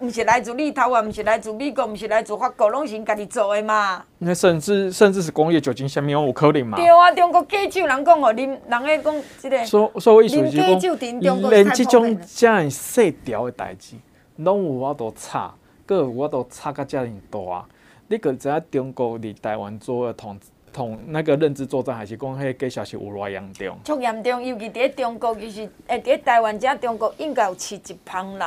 唔是來自立陶宛，唔是來自美國，唔是來自法國，攏是因家己,己做的嘛。那甚至甚至是工業酒精，啥物攏有可能嘛？對啊，中國假酒人講哦，人人誒講即個。所所以，意思就是講，連連這種遮爾細條的代志，攏有我都查，閣有我都查甲遮爾大。你講一下中國佇台灣做的同同那個認知作戰，還是講迄個假酒是有偌嚴重？超嚴重，尤其佇咧中國就是誒，佇咧台灣遮中國應該有飼一幫人。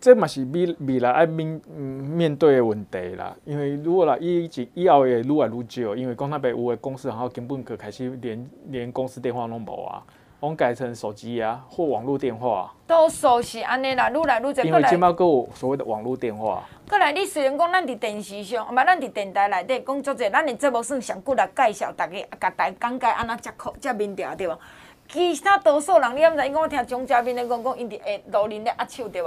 這嘛是未未來要面面對嘅問題啦，因為如果啦，以前以，以後會愈來愈少，因為講那邊有嘅公司，然後根本去開始連連公司電話攏無啊，攏改成手機啊，或網絡電話啊。多數是安尼啦，愈來愈儕。因為今賣佫有所謂的網絡電話。佫來，來，來，你雖然講咱佇電視上，毋嘛咱佇電台內底工作者，咱是即冇算上佫來介紹大家，甲大家講解安怎接客、接面條，對無？其他多數人你也不知道，因為我聽張嘉賓哩講，講因佇下路寧咧壓手對無？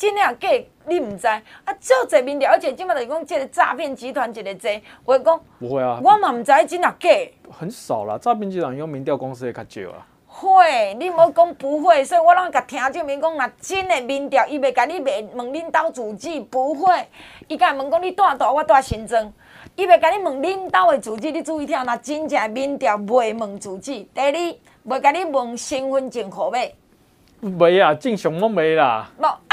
真啊假，你唔知？啊，做儕民調，而且這就是講，這個詐騙集團一個濟，我講不會啊，我嘛唔知道真啊假。很少啦，詐騙集團用民調公司的較少啊。會，你唔好講不會，所以我攏甲聽證明講，若真的民調，伊袂甲你問問恁家住址，不會。伊甲問講你帶刀，我帶新莊。伊袂甲你問恁家的住址，你注意聽。若真正民調，袂問住址，第二，袂甲你問身份證號碼。袂啊，正常攏袂啦。